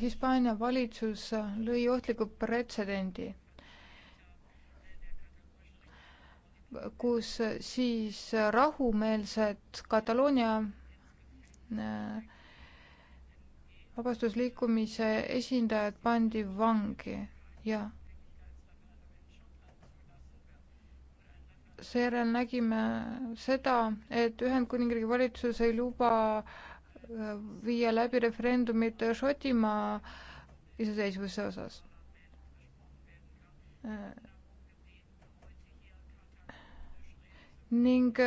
Hispaania valitsus lõi ohtliku pretsedendi, kus siis rahumeelsed Kataloonia äh, vabastusliikumise esindajad pandi vangi ja seejärel nägime seda, et Ühendkuningriigi valitsus ei luba viia läbi referendumit Šotimaa iseseisvuse osas. ning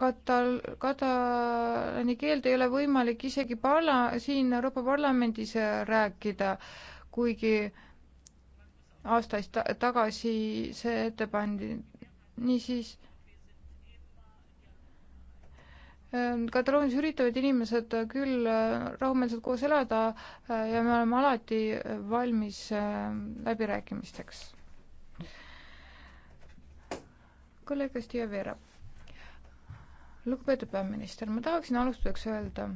katal-, katalaani keelt ei ole võimalik isegi parla-, siin Euroopa Parlamendis rääkida, kuigi aastaid ta-, tagasi see ette pandi. niisiis Ehm, Kataloonias üritavad inimesed äh, küll äh, rahumeelselt koos elada äh, ja me oleme alati valmis ehm, läbirääkimisteks. kolleeg Kastia Veera. lugupeetud peaminister, ma tahaksin alustuseks öelda,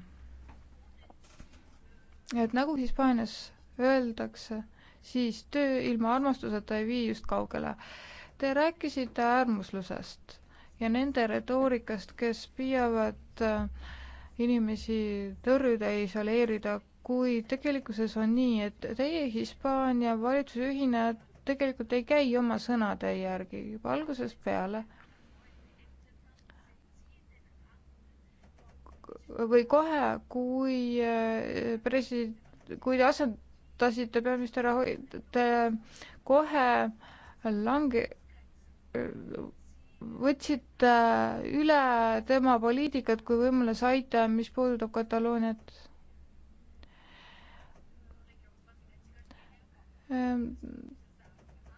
et nagu Hispaanias öeldakse, siis töö ilma armastuseta ei vii just kaugele. Te rääkisite äärmuslusest ja nende retoorikast, kes püüavad äh, inimesi tõrjuda ja isoleerida, kuid tegelikkuses on nii, et teie Hispaania valitsuse ühine tegelikult ei käi oma sõnade järgi juba algusest peale. või kohe, kui äh, president, kui te asendasite peaminister Rahoid, te kohe lange-, võtsite äh, üle tema poliitikat, kui võimule saite, äh, mis puudutab Katalooniat? Ähm,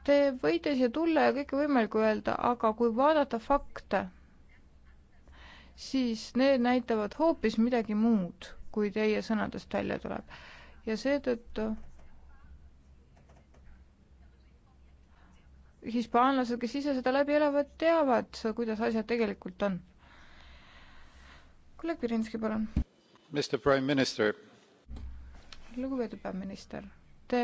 te võite siia tulla ja kõike võimalikku öelda, aga kui vaadata fakte, siis need näitavad hoopis midagi muud, kui teie sõnadest välja tuleb. ja seetõttu hispaanlased, kes ise seda läbi elavad, teavad, kuidas asjad tegelikult on. kolleeg Pirinski, palun. lugupeetud peaminister, te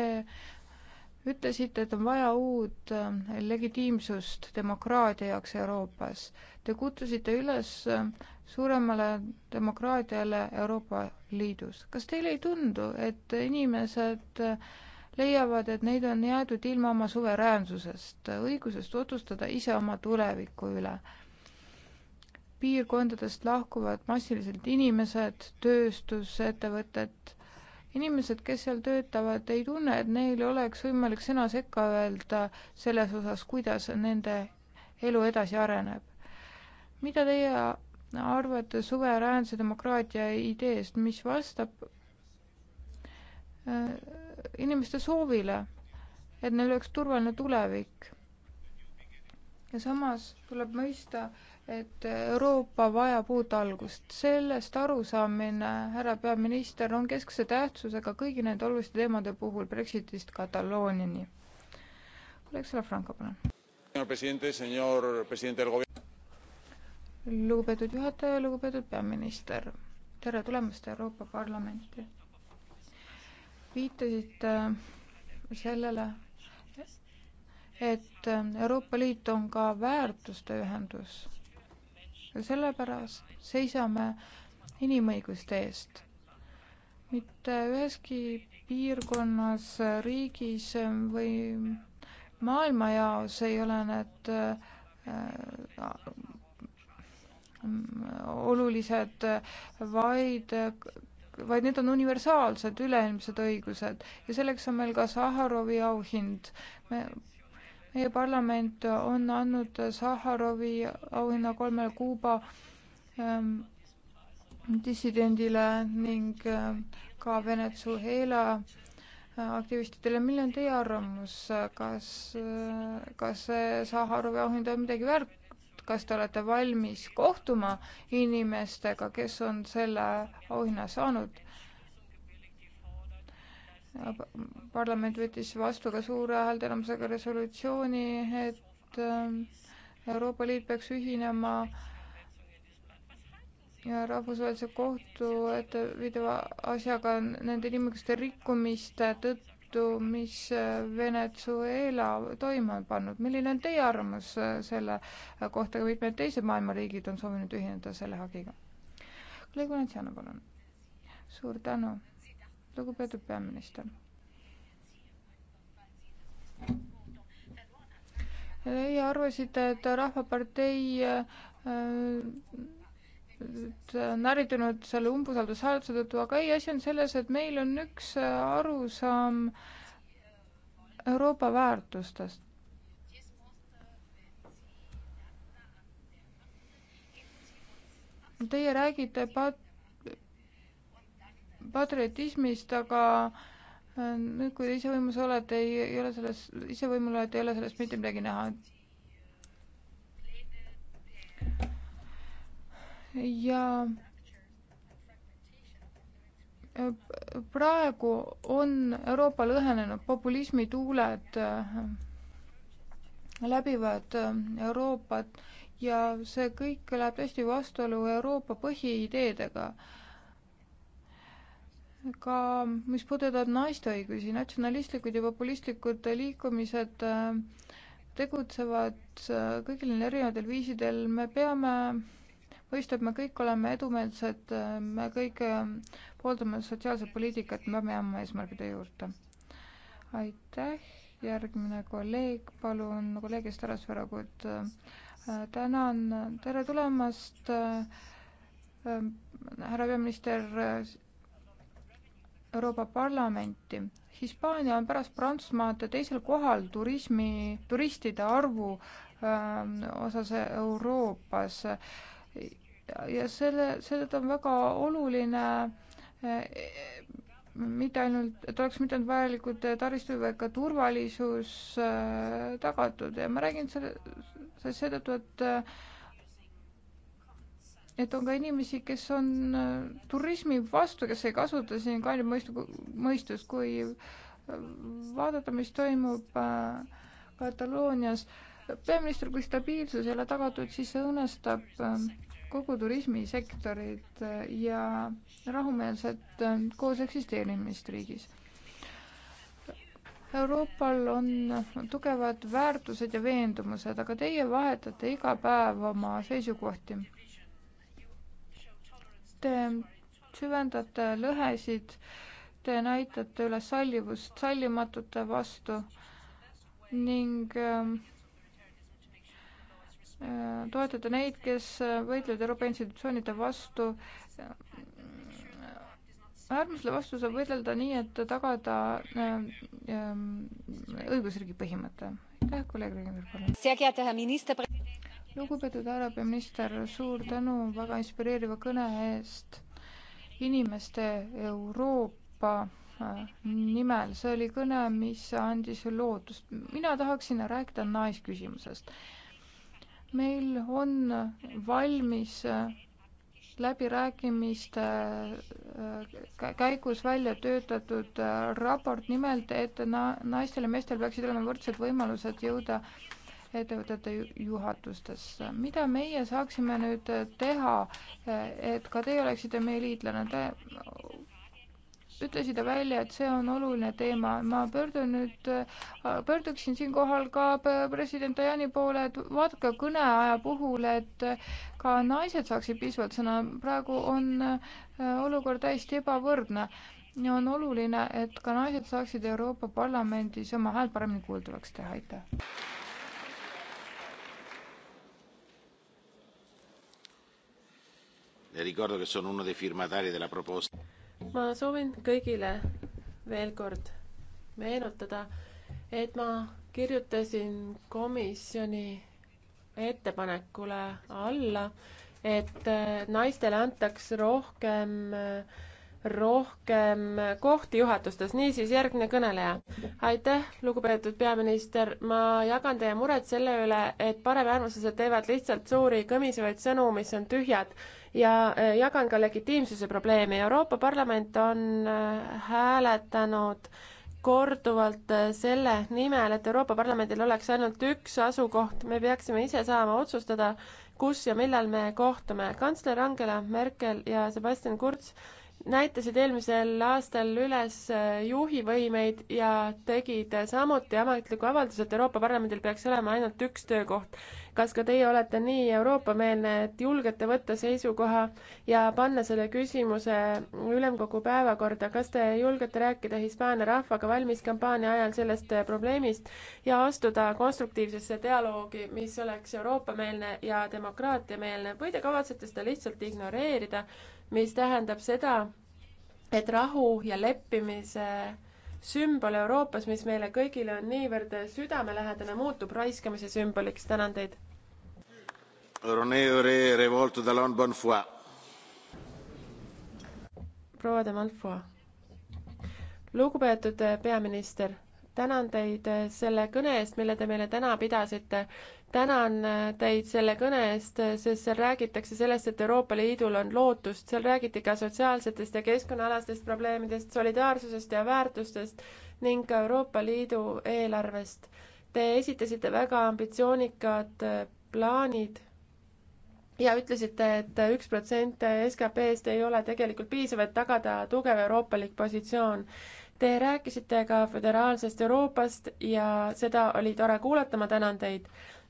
ütlesite, et on vaja uut äh, legitiimsust demokraatia jaoks Euroopas. Te kutsusite üles äh, suuremale demokraatiale Euroopa Liidus. kas teile ei tundu, et inimesed äh, leiavad, et neid on jäetud ilma oma suveräänsusest, õigusest otsustada ise oma tuleviku üle. piirkondadest lahkuvad massiliselt inimesed, tööstusettevõtted, inimesed, kes seal töötavad, ei tunne, et neil oleks võimalik sõna sekka öelda selles osas, kuidas nende elu edasi areneb. mida teie arvate suveräänse demokraatia ideest, mis vastab äh, inimeste soovile, et neil oleks turvaline tulevik. ja samas tuleb mõista, et Euroopa vajab uut algust. sellest arusaamine, härra peaminister, on keskse tähtsusega kõigi nende oluliste teemade puhul Brexitist Katalooniani. Oleks selle Franco, palun. lugupeetud juhataja, lugupeetud peaminister, tere tulemast Euroopa Parlamenti viitasite äh, sellele, et äh, Euroopa Liit on ka väärtuste ühendus ja sellepärast seisame inimõiguste eest. mitte üheski piirkonnas, äh, riigis või maailmajaos ei ole need mm, olulised, vaid vaid need on universaalsed üleilmsed õigused ja selleks on meil ka Saharovi auhind. me, meie parlament on andnud Saharovi auhinna kolmele Kuuba ähm, dissidendile ning äh, ka Venezuela äh, aktivistidele, milline on teie arvamus, kas äh,, kas see Saharovi auhind on midagi väärt, kas te olete valmis kohtuma inimestega, kes on selle auhinna saanud? parlament võttis vastu ka suure häälteenamusega resolutsiooni, et ähm, Euroopa Liit peaks ühinema ja rahvusvahelise kohtu ette viidava asjaga nende inimõiguste rikkumiste tõttu, tõttu, mis äh, Venezuela toime on pannud. milline on teie arvamus äh, selle äh, kohta, mitmed teised maailma riigid on soovinud ühineda selle hagiga? kolleeg Valenciano, palun. suur tänu, lugupeetud peaminister. Teie arvasite, et Rahvapartei äh, Äh, näritunud selle umbusaldushääletuse tõttu, aga ei, asi on selles, et meil on üks äh, arusaam Euroopa väärtustest. Teie räägite pat-, patriotismist, aga äh, nüüd, kui te ise võimus olete, ei ole selles, ise võimul olete, ei ole sellest mitte midagi näha, et ja äh, praegu on Euroopa lõhenenud, populismi tuuled äh, läbivad äh, Euroopat ja see kõik läheb tõesti vastuolu Euroopa põhiideedega. ka mis puudutab naiste õigusi, natsionalistlikud ja populistlikud liikumised tegutsevad kõigil erinevatel viisidel, me peame mõistab, me kõik oleme edumeelsed, äh, me kõik äh, pooldame sotsiaalset poliitikat, me peame jääma eesmärgide juurde. aitäh, järgmine kolleeg, palun kolleeg Ester Asveragut. Äh, tänan, tere tulemast äh, härra peaminister Euroopa Parlamenti. Hispaania on pärast Prantsusmaad teisel kohal turismi, turistide arvu öö, osas Euroopas ja selle, seetõttu on väga oluline eh, mitte ainult, et oleks mitte ainult vajalikud taristu, vaid ka turvalisus eh, tagatud ja ma räägin selle, seetõttu, et eh, et on ka inimesi, kes on turismi vastu, kes ei kasuta siin kainet mõistu-, mõistust, kui vaadata, mis toimub Kataloonias äh, peaminister, kui stabiilsus ei ole tagatud, siis see õõnestab ähm, kogu turismisektorit äh, ja rahumeelset äh, koos eksisteerimist riigis. Euroopal on tugevad väärtused ja veendumused, aga teie vahetate iga päev oma seisukohti. Te süvendate lõhesid, te näitate üles sallivust sallimatute vastu ning äh, toetada neid, kes võitlevad Euroopa institutsioonide vastu. äärmusele vastu saab võidelda nii, et tagada ähm, õigusriigi põhimõte. aitäh, kolleeg Regner, palun. lugupeetud härra peaminister, suur tänu väga inspireeriva kõne eest inimeste Euroopa äh, nimel, see oli kõne, mis andis lootust. mina tahaksin rääkida naisküsimusest nice meil on valmis äh, läbirääkimiste äh, käigus välja töötatud äh, raport nimelt, et naistel ja meestel peaksid olema võrdsed võimalused jõuda ettevõtete juhatustesse. mida meie saaksime nüüd teha, et ka teie oleksite meie liitlane? Te ütlesite välja, et see on oluline teema. ma pöördun nüüd, pöörduksin siinkohal ka president Tajani poole, et vaadake kõneaja puhul, et ka naised saaksid piisavalt sõna. praegu on äh, olukord täiesti ebavõrdne ja on oluline, et ka naised saaksid Euroopa Parlamendis oma häält paremini kuuldavaks teha, aitäh. Le ricordo che sono uno dei firmatari della proposta ma soovin kõigile veel kord meenutada, et ma kirjutasin komisjoni ettepanekule alla, et naistele antaks rohkem äh, rohkem kohti juhatustes, niisiis järgmine kõneleja. aitäh, lugupeetud peaminister, ma jagan teie muret selle üle, et paremäärmuslased teevad lihtsalt suuri kõmisevaid sõnu, mis on tühjad ja äh, jagan ka legitiimsuse probleemi. Euroopa Parlament on äh, hääletanud korduvalt äh, selle nimel, et Euroopa Parlamendil oleks ainult üks asukoht, me peaksime ise saama otsustada, kus ja millal me kohtume. kantsler Angela Merkel ja Sebastian Kurz näitasid eelmisel aastal üles äh, juhivõimeid ja tegid äh, samuti ametliku avalduse, et Euroopa Parlamendil peaks olema ainult üks töökoht. kas ka teie olete nii Euroopa-meelne, et julgete võtta seisukoha ja panna selle küsimuse ülemkogu päevakorda, kas te julgete rääkida Hispaania rahvaga valmiskampaania ajal sellest äh, probleemist ja astuda konstruktiivsesse dialoogi, mis oleks Euroopa-meelne ja demokraatiameelne või te kavatsete seda lihtsalt ignoreerida mis tähendab seda, et rahu ja leppimise sümbol Euroopas, mis meile kõigile on niivõrd südamelähedane, muutub raiskamise sümboliks. tänan teid. proua de Malfoy. lugupeetud peaminister, tänan teid selle kõne eest, mille te meile täna pidasite tänan teid selle kõne eest, sest seal räägitakse sellest, et Euroopa Liidul on lootust, seal räägiti ka sotsiaalsetest ja keskkonnaalastest probleemidest, solidaarsusest ja väärtustest ning ka Euroopa Liidu eelarvest. Te esitasite väga ambitsioonikad plaanid ja ütlesite et, et üks protsent SKP-st ei ole tegelikult piisav, et tagada tugev euroopalik positsioon. Te rääkisite ka föderaalsest Euroopast ja seda oli tore kuulata, ma tänan teid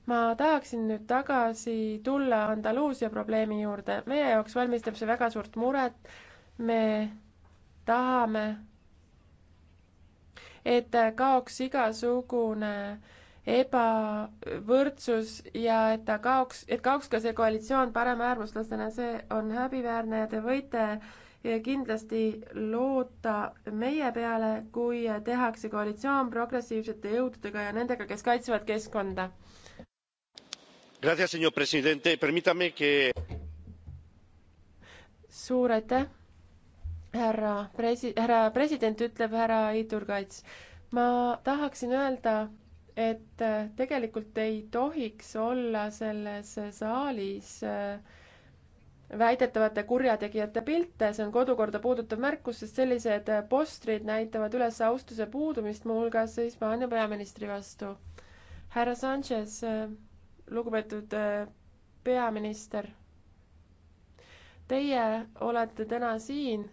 ma tahaksin nüüd tagasi tulla Andaluusia probleemi juurde. meie jaoks valmistab see väga suurt muret. me tahame, et kaoks igasugune ebavõrdsus ja et ta kaoks, et kaoks ka see koalitsioon paremäärmuslastena, see on häbiväärne ja te võite kindlasti loota meie peale, kui tehakse koalitsioon progressiivsete jõududega ja nendega, kes kaitsevad keskkonda señor presidente permítame que. suur aitäh härra presi- härra president ütleb härra Iturgats ma tahaksin öelda et äh, tegelikult ei tohiks olla selles äh, saalis äh, väidetavate kurjategijate pilte, see on kodukorda puudutav märkus, sest sellised postrid näitavad üles austuse puudumist muuhulgas Hispaania peaministri vastu. härra Sanchez lugupeetud äh, peaminister, teie olete täna siin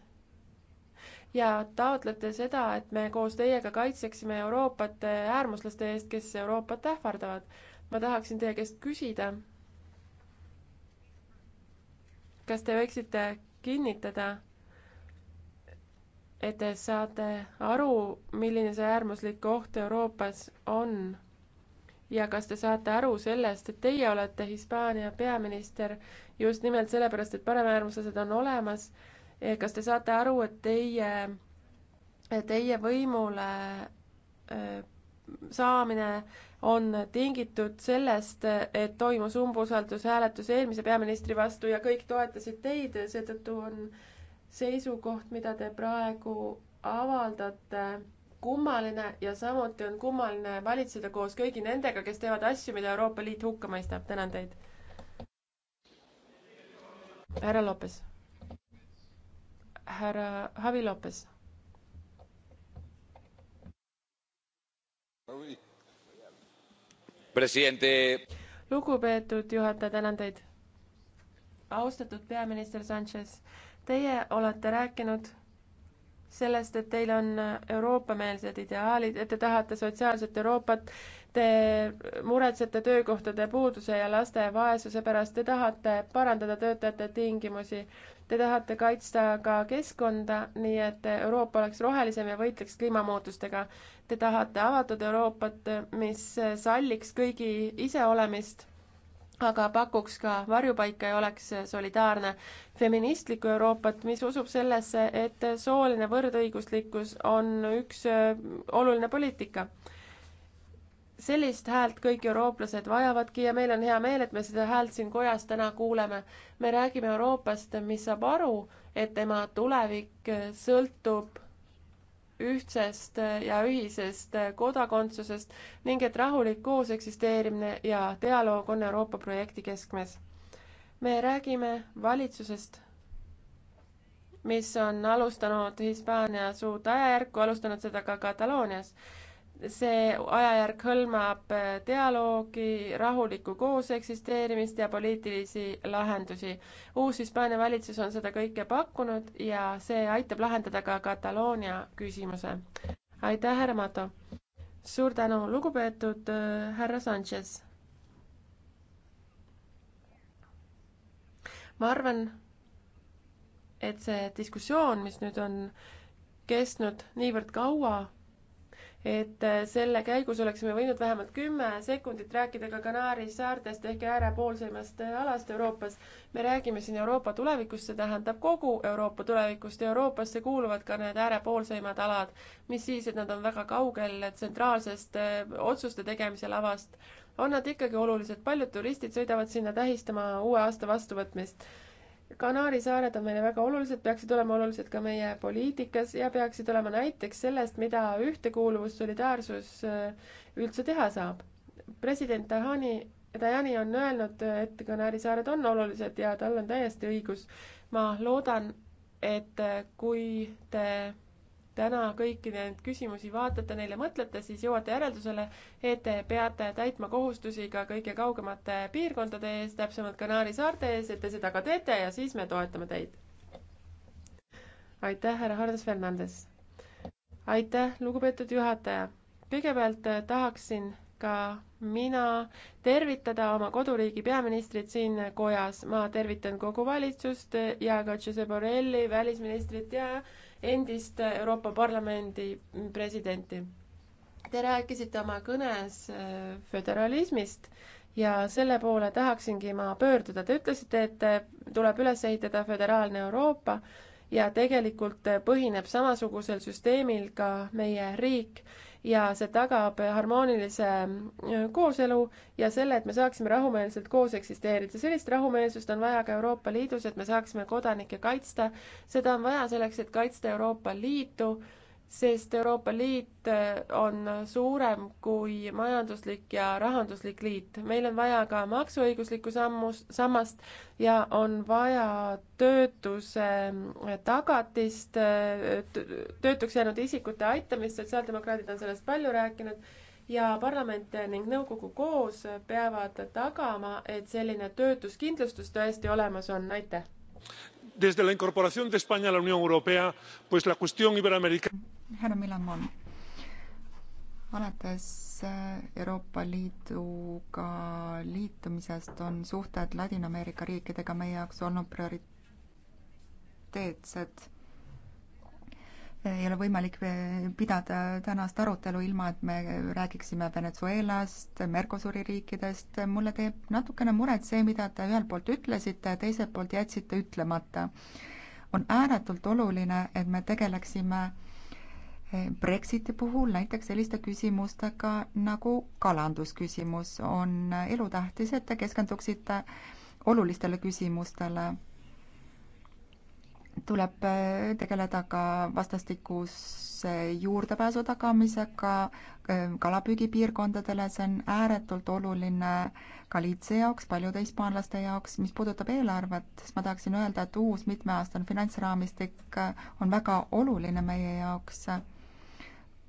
ja taotlete seda, et me koos teiega kaitseksime Euroopat äh, äärmuslaste eest, kes Euroopat ähvardavad. ma tahaksin teie käest küsida, kas te võiksite kinnitada, et te saate aru, milline see äärmuslik oht Euroopas on ja kas te saate aru sellest, et teie olete Hispaania peaminister just nimelt sellepärast, et paremäärmuslased on olemas. kas te saate aru, et teie, teie võimule äh, saamine on tingitud sellest, et toimus umbusaldushääletus eelmise peaministri vastu ja kõik toetasid teid, seetõttu on seisukoht, mida te praegu avaldate kummaline ja samuti on kummaline valitseda koos kõigi nendega, kes teevad asju, mida Euroopa Liit hukka mõistab. tänan teid. härra Lopes. härra Javi Lopes. presidente. lugupeetud juhataja, tänan teid. austatud peaminister Sanchez, teie olete rääkinud sellest, et teil on Euroopa-meelsed ideaalid, et te tahate sotsiaalset Euroopat, te muretsete töökohtade puuduse ja laste vaesuse pärast, te tahate parandada töötajate tingimusi, te tahate kaitsta ka keskkonda, nii et Euroopa oleks rohelisem ja võitleks kliimamuutustega. Te tahate avatud Euroopat, mis salliks kõigi iseolemist aga pakuks ka varjupaika ja oleks solidaarne feministlikku Euroopat, mis usub sellesse, et sooline võrdõiguslikkus on üks äh, oluline poliitika. sellist häält kõik eurooplased vajavadki ja meil on hea meel, et me seda häält siin kojas täna kuuleme. me räägime Euroopast, mis saab aru, et tema tulevik sõltub ühtsest ja ühisest kodakondsusest ning et rahulik kooseksisteerimine ja dialoog on Euroopa projekti keskmes. me räägime valitsusest, mis on alustanud Hispaanias uut ajajärku, alustanud seda ka Kataloonias see ajajärk hõlmab äh, dialoogi, rahulikku kooseksisteerimist ja poliitilisi lahendusi. uus Hispaania valitsus on seda kõike pakkunud ja see aitab lahendada ka Kataloonia küsimuse. aitäh, härra Mato! suur tänu, lugupeetud äh, härra Sanchez! ma arvan, et see diskussioon, mis nüüd on kestnud niivõrd kaua, et äh, selle käigus oleksime võinud vähemalt kümme sekundit rääkida ka Kanaari saartest ehk äärepoolsemast äh, alast Euroopas. me räägime siin Euroopa tulevikust, see tähendab kogu Euroopa tulevikust ja Euroopasse kuuluvad ka need äärepoolseimad alad, mis siis, et nad on väga kaugel tsentraalsest äh, otsuste tegemise lavast, on nad ikkagi olulised, paljud turistid sõidavad sinna tähistama uue aasta vastuvõtmist Kanaari saared on meile väga olulised, peaksid olema olulised ka meie poliitikas ja peaksid olema näiteks sellest, mida ühtekuuluvus, solidaarsus äh, üldse teha saab. president Tahani, Tajani on öelnud, et Kanaari saared on olulised ja tal on täiesti õigus. ma loodan, et äh, kui te täna kõiki neid küsimusi vaatate, neile mõtlete, siis jõuate järeldusele, et te peate täitma kohustusi ka kõige kaugemate piirkondade ees, täpsemalt Kanaari saarte ees, et te seda ka teete ja siis me toetame teid. aitäh, härra Hannes Fernandes. aitäh, lugupeetud juhataja. kõigepealt äh, tahaksin ka mina tervitada oma koduriigi peaministrit siin kojas. ma tervitan kogu valitsust ja ka Giuseppe Borrelli, välisministrit ja endist Euroopa Parlamendi presidenti. Te rääkisite oma kõnes äh, föderalismist ja selle poole tahaksingi ma pöörduda. Te ütlesite, et äh, tuleb üles ehitada föderaalne Euroopa ja tegelikult äh, põhineb samasugusel süsteemil ka meie riik ja see tagab harmoonilise äh, kooselu ja selle, et me saaksime rahumeelselt koos eksisteerida. sellist rahumeelsust on vaja ka Euroopa Liidus, et me saaksime kodanikke kaitsta. seda on vaja selleks, et kaitsta Euroopa Liitu sest Euroopa Liit eh, on suurem kui majanduslik ja rahanduslik liit. meil on vaja ka maksuõiguslikku sammus, sammast ja on vaja töötuse eh, tagatist, eh, töötuks jäänud isikute aitamist, sotsiaaldemokraadid on sellest palju rääkinud ja parlament ning nõukogu koos peavad tagama, et selline töötuskindlustus tõesti olemas on, aitäh. Desde la incorporación de España a la Unión Europea, pues la cuestión iberoamericana härra Milamon, alates äh, Euroopa Liiduga liitumisest on suhted Ladina-Ameerika riikidega meie jaoks olnud prioriteetsed ei ole võimalik äh, pidada tänast arutelu ilma, et me räägiksime Venezuelast, Mercosuri riikidest. mulle teeb natukene muret see, mida te ühelt poolt ütlesite ja teiselt poolt jätsite ütlemata. on ääretult oluline, et me tegeleksime Eh, Brexiti puhul näiteks selliste küsimustega nagu kalandusküsimus on elutähtis, et te keskenduksite olulistele küsimustele. tuleb eh, tegeleda ka vastastikuse juurdepääsu tagamisega eh, kalapüügipiirkondadele, see on ääretult oluline Galiitsia jaoks, paljude hispaanlaste jaoks. mis puudutab eelarvet, siis ma tahaksin öelda, et uus mitmeaastane finantsraamistik on väga oluline meie jaoks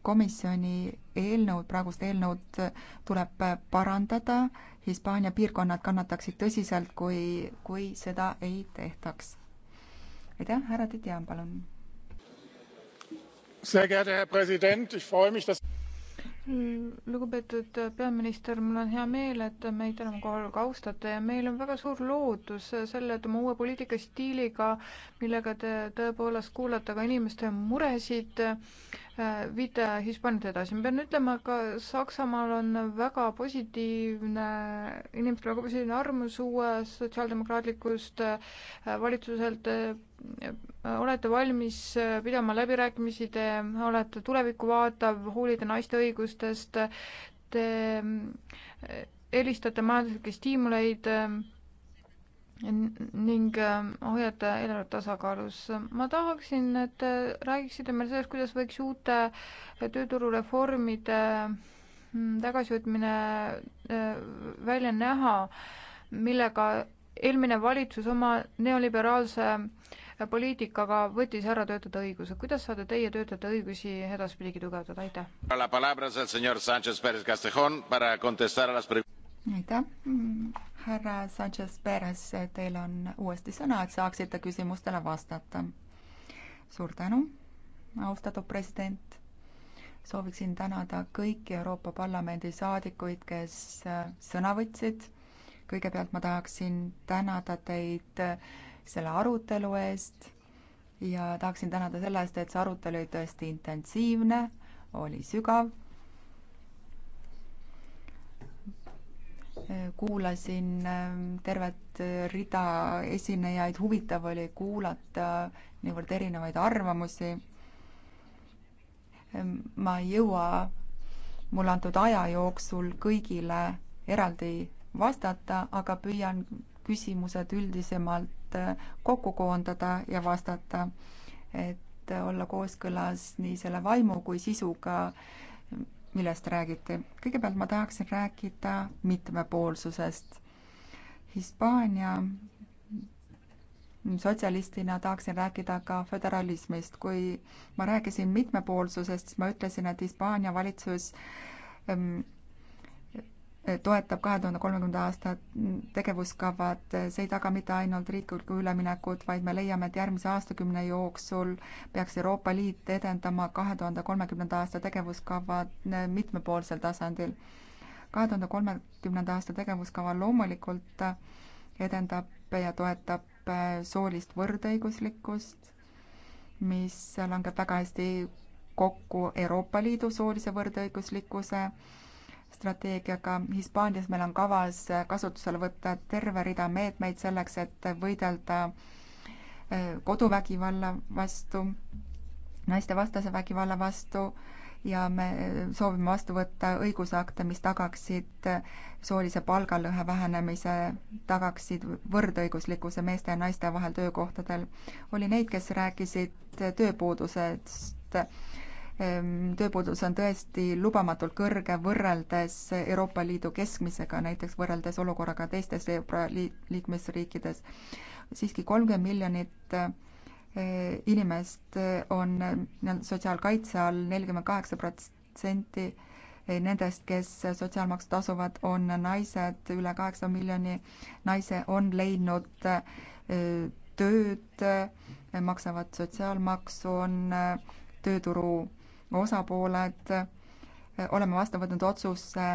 komisjoni eelnõud, praegust eelnõud tuleb parandada, Hispaania piirkonnad kannataksid tõsiselt, kui, kui seda ei tehtaks. aitäh, härra Titian, palun! Mm, lugupeetud äh, peaminister, mul on hea meel, et meid enam kohal ka austate ja meil on väga suur lootus selle, et oma uue poliitikastiiliga, millega te tõepoolest kuulate ka inimeste muresid, äh, viite Hispaaniat edasi. ma pean ütlema, ka Saksamaal on väga positiivne, inimestel väga positiivne arvamus uue sotsiaaldemokraatlikust äh, valitsuselt olete valmis äh, pidama läbirääkimisi, te olete tulevikku vaatav, hoolite naiste õigustest, te äh, eelistate majanduslikke stiimuleid äh, ning hoiate eelarvet tasakaalus. ma tahaksin, et te räägiksite meile sellest, kuidas võiks uute tööturureformide mm, tagasivõtmine välja näha, millega eelmine valitsus oma neoliberaalse äh, poliitikaga võttis ära töötajate õiguse. kuidas saate teie töötajate õigusi edaspidigi tugevdada, aitäh! aitäh, härra Sanchez-Perez, teil on uuesti sõna, et saaksite küsimustele vastata. suur tänu, austatud president sooviksin tänada kõiki Euroopa Parlamendi saadikuid, kes sõna võtsid. kõigepealt ma tahaksin tänada teid selle arutelu eest ja tahaksin tänada selle eest, et see arutelu oli tõesti intensiivne, oli sügav. kuulasin ähm, tervet rida esinejaid, huvitav oli kuulata niivõrd erinevaid arvamusi. Ähm, ma ei jõua mulle antud aja jooksul kõigile eraldi vastata, aga püüan küsimused üldisemalt eh, kokku koondada ja vastata, et olla kooskõlas nii selle vaimu kui sisuga, millest räägiti. kõigepealt ma tahaksin rääkida mitmepoolsusest. Hispaania sotsialistina tahaksin rääkida ka föderalismist. kui ma rääkisin mitmepoolsusest, siis ma ütlesin, et Hispaania valitsus ähm, toetab kahe tuhande kolmekümnenda aasta tegevuskavad, see ei taga mitte ainult riiklikku üleminekut, vaid me leiame, et järgmise aastakümne jooksul peaks Euroopa Liit edendama kahe tuhande kolmekümnenda aasta tegevuskava mitmepoolsel tasandil. kahe tuhande kolmekümnenda aasta tegevuskava loomulikult edendab ja toetab soolist võrdõiguslikkust, mis langeb väga hästi kokku Euroopa Liidu soolise võrdõiguslikkuse strateegiaga. Hispaanias meil on kavas kasutusele võtta terve rida meetmeid selleks, et võidelda äh, koduvägivalla vastu, naistevastase vägivalla vastu ja me soovime vastu võtta õigusakte, mis tagaksid äh, soolise palgalõhe vähenemise, tagaksid võrdõiguslikkuse meeste ja naiste vahel töökohtadel. oli neid, kes rääkisid tööpuudusest Ehm, tööpuudus on tõesti lubamatult kõrge võrreldes Euroopa Liidu keskmisega, näiteks võrreldes olukorraga teistes Euroopa liikmesriikides. siiski kolmkümmend miljonit eh, inimest on eh, sotsiaalkaitse all, nelikümmend kaheksa protsenti eh, nendest, kes sotsiaalmaksu tasuvad, on naised, üle kaheksa miljoni naise on leidnud tööd, maksavad sotsiaalmaksu, on tööturu osapooled eh, oleme vastu võtnud otsuse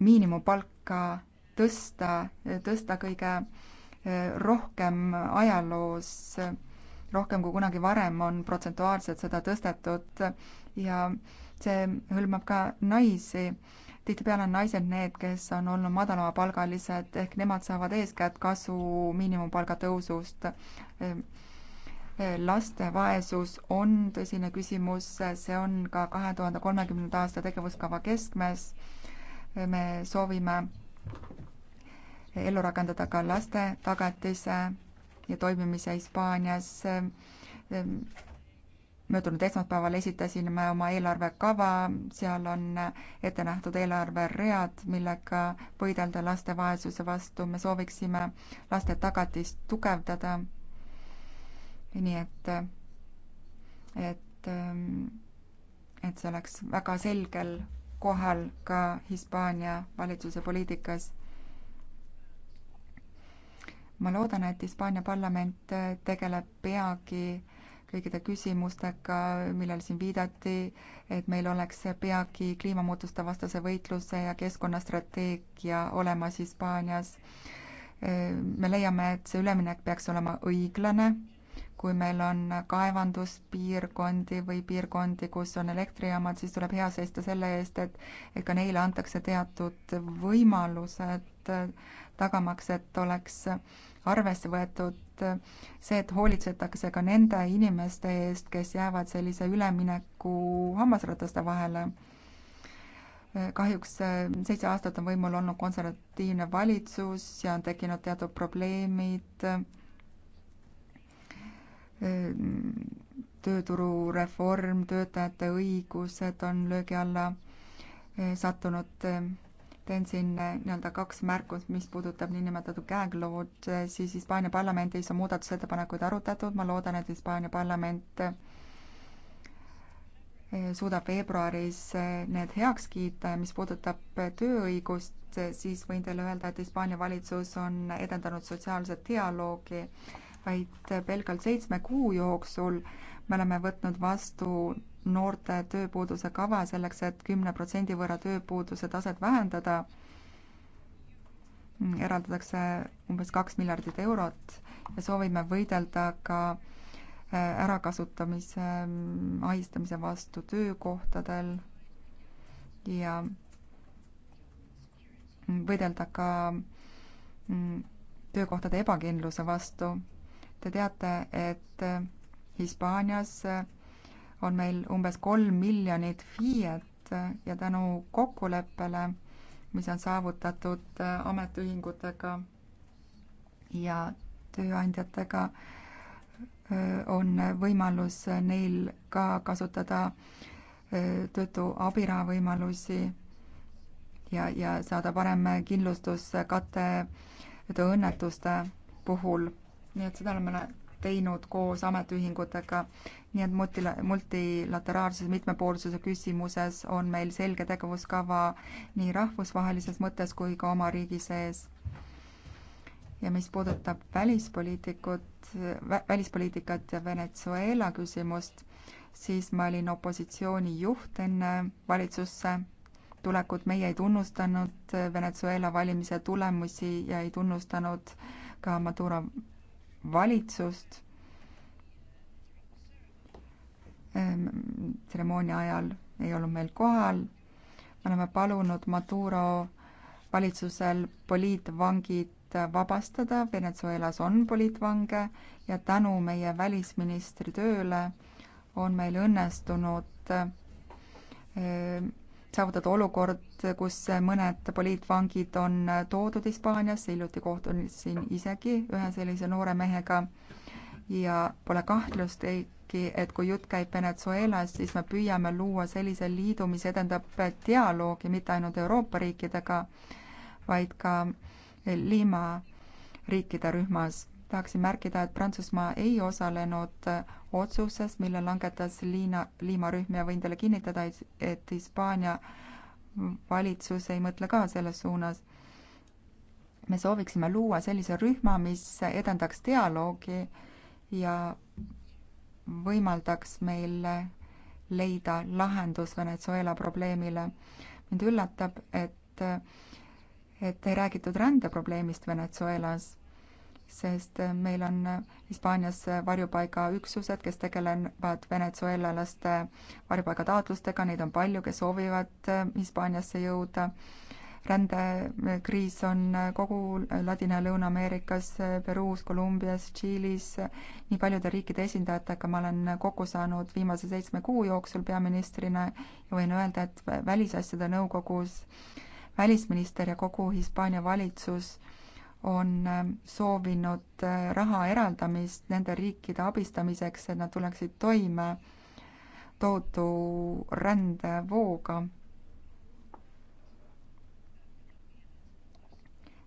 miinimumpalka tõsta, tõsta kõige eh, rohkem ajaloos, rohkem kui kunagi varem on protsentuaalselt seda tõstetud ja see hõlmab ka naisi. tihtipeale on naised need, kes on olnud madalamapalgalised, ehk nemad saavad eeskätt kasu miinimumpalga tõusust eh, laste vaesus on tõsine küsimus, see on ka kahe tuhande kolmekümnenda aasta tegevuskava keskmes. me soovime ellu rakendada ka laste tagatise ja toimimise Hispaanias. möödunud esmaspäeval esitasime oma eelarvekava, seal on ette nähtud eelarveread, millega võidelda laste vaesuse vastu. me sooviksime laste tagatist tugevdada nii et, et, et see oleks väga selgel kohal ka Hispaania valitsuse poliitikas. ma loodan, et Hispaania parlament tegeleb peagi kõikide küsimustega, millele siin viidati, et meil oleks peagi kliimamuutuste vastase võitluse ja keskkonnastrateegia olemas Hispaanias. me leiame, et see üleminek peaks olema õiglane kui meil on kaevanduspiirkondi või piirkondi, kus on elektrijaamad, siis tuleb hea seista selle eest, et, et ka neile antakse teatud võimalused, tagamaks, et oleks arvesse võetud see, et hoolitsetakse ka nende inimeste eest, kes jäävad sellise ülemineku hammasrataste vahele kahjuks seitse aastat on võimul olnud konservatiivne valitsus ja on tekkinud teatud probleemid Ehm, tööturureform, töötajate õigused on löögi alla eh, sattunud. Eh, teen siin eh, nii-öelda kaks märkust, mis puudutab niinimetatud gag-law'd, siis Hispaania parlamendis on muudatusettepanekuid arutatud, ma loodan, et Hispaania parlament suudab veebruaris need heaks kiita ja mis puudutab tööõigust, siis võin teile öelda, et Hispaania valitsus on edendanud sotsiaalset dialoogi vaid pelgalt seitsme kuu jooksul me oleme võtnud vastu noorte tööpuuduse kava selleks et, et kümne protsendi võrra tööpuuduse taset vähendada, eraldatakse umbes kaks miljardit eurot ja soovime võidelda ka äh, ärakasutamise, mm, ahistamise vastu töökohtadel ja võidelda ka mm, töökohtade ebakindluse vastu Te teate, et Hispaanias on meil umbes kolm miljonit FIE-t ja tänu kokkuleppele, mis on saavutatud ametiühingutega ja tööandjatega, on võimalus neil ka kasutada äh, töötu abiraha võimalusi ja, ja saada parem kindlustuskate tööõnnetuste puhul nii et seda oleme teinud koos ametiühingutega. nii et multi, multilateraalses mitmepoolsuse küsimuses on meil selge tegevuskava nii rahvusvahelises mõttes kui ka oma riigi sees. ja mis puudutab välispoliitikut, välispoliitikat ja Venezuela küsimust, siis ma olin opositsiooni juht enne valitsusse tulekut, meie ei tunnustanud Venezuela valimise tulemusi ja ei tunnustanud ka Maduro valitsust ehm, tseremoonia ajal ei olnud meil kohal. me oleme palunud Maduro valitsusel poliitvangid vabastada, Venezuelas on poliitvange ja tänu meie välisministri tööle on meil õnnestunud ehm, saavutada olukord, kus mõned poliitvangid on toodud Hispaaniasse, hiljuti kohtusin isegi ühe sellise noore mehega ja pole kahtlust, et kui jutt käib Venezuelast, siis me püüame luua sellise liidu, mis edendab dialoogi mitte ainult Euroopa riikidega, vaid ka Lima riikide rühmas. tahaksin märkida, et Prantsusmaa ei osalenud otsuses, mille langetas Liina, liimarühm ja võin teile kinnitada, et Hispaania valitsus ei mõtle ka selles suunas. me sooviksime luua sellise rühma, mis edendaks dialoogi ja võimaldaks meil leida lahendus Venezuela probleemile. mind üllatab, et, et ei räägitud rändeprobleemist Venezuelas sest meil on Hispaanias varjupaigaüksused, kes tegelevad venezuelalaste varjupaigataotlustega, neid on palju, kes soovivad Hispaaniasse jõuda. rändekriis on kogu Ladina- ja Lõuna-Ameerikas, Peruus, Kolumbias, Tšiilis, nii paljude riikide esindajatega ma olen kokku saanud viimase seitsme kuu jooksul peaministrina ja võin öelda, et Välisasjade Nõukogus välisminister ja kogu Hispaania valitsus on ähm, soovinud äh, raha eraldamist nende riikide abistamiseks, et nad tuleksid toime tohutu rändevooga.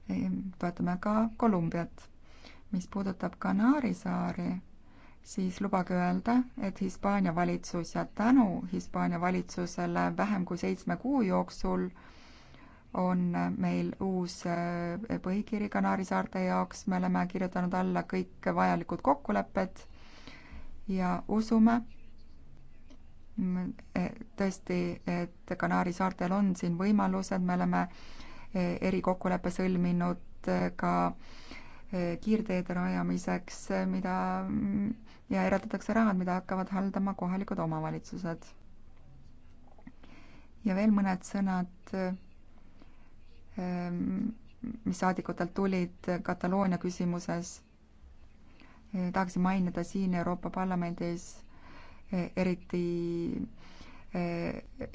Ehm, toetame ka Kolumbiat. mis puudutab Kanaari saari, siis lubage öelda, et Hispaania valitsus ja tänu Hispaania valitsusele vähem kui seitsme kuu jooksul äh, on meil uus äh, põhikiri Kanaari saarte jaoks, me oleme kirjutanud alla kõik vajalikud kokkulepped ja usume eh, tõesti, et Kanaari saartel on siin võimalused, me oleme eh, erikokkuleppe sõlminud eh, ka kiirteede rajamiseks, mida ja eraldatakse rahad, mida hakkavad haldama kohalikud omavalitsused. ja veel mõned sõnad Ehm, mis saadikutelt tulid Kataloonia küsimuses. E, tahaksin mainida siin Euroopa Parlamendis e, eriti e,